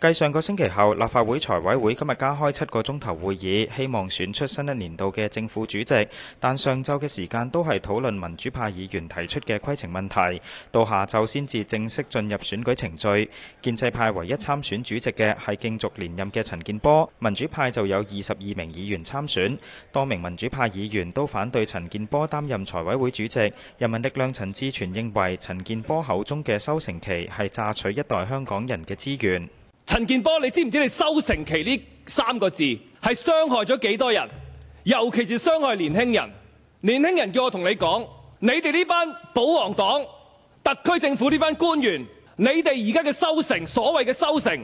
繼上個星期後，立法會財委會今日加開七個鐘頭會議，希望選出新一年度嘅政府主席。但上晝嘅時間都係討論民主派議員提出嘅規程問題，到下晝先至正式進入選舉程序。建制派唯一參選主席嘅係競逐連任嘅陳建波，民主派就有二十二名議員參選，多名民主派議員都反對陳建波擔任財委會主席。人民力量陳志全認為，陳建波口中嘅收成期係榨取一代香港人嘅資源。陳健波，你知唔知道你收成期呢三個字係傷害咗幾多人？尤其是傷害年輕人。年輕人叫我同你講，你哋呢班保皇黨、特區政府呢班官員，你哋而家嘅收成，所謂嘅收成，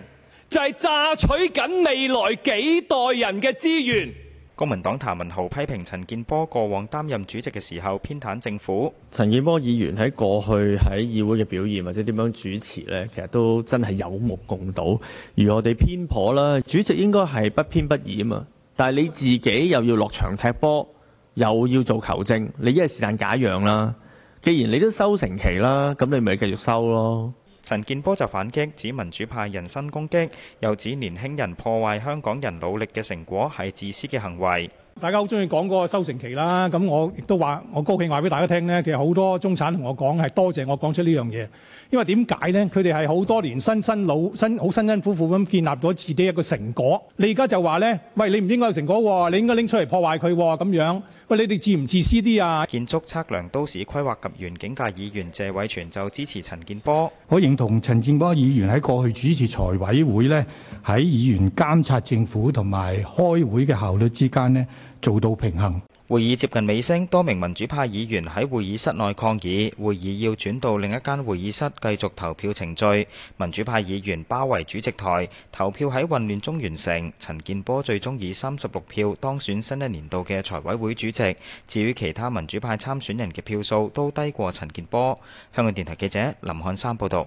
就係、是、榨取緊未來幾代人嘅資源。公民黨譚文豪批評陳建波過往擔任主席嘅時候偏袒政府。陳建波議員喺過去喺議會嘅表現或者點樣主持呢，其實都真係有目共睹。而我哋偏頗啦，主席應該係不偏不倚啊嘛。但係你自己又要落場踢波，又要做球證，你一係時間假樣啦。既然你都收成期啦，咁你咪繼續收咯。陳健波就反擊，指民主派人身攻擊，又指年輕人破壞香港人努力嘅成果係自私嘅行為。大家好中意講嗰個收成期啦，咁我亦都話我高興話俾大家聽呢。其實好多中產同我講係多謝我講出呢樣嘢，因為點解呢？佢哋係好多年辛辛老、辛好辛辛苦苦咁建立咗自己一個成果，你而家就話呢：「喂你唔應該有成果，你應該拎出嚟破壞佢」咁樣。喂，你哋自唔自私啲啊？建築測量都市規劃及園景界議員謝偉銓就支持陳健波。我認同陳健波議員喺過去主持財委會呢，喺議員監察政府同埋開會嘅效率之間呢，做到平衡。會議接近尾聲，多名民主派議員喺會議室內抗議，會議要轉到另一間會議室繼續投票程序。民主派議員包圍主席台，投票喺混亂中完成。陳建波最終以三十六票當選新一年度嘅財委會主席。至於其他民主派參選人嘅票數都低過陳建波。香港電台記者林漢山報道。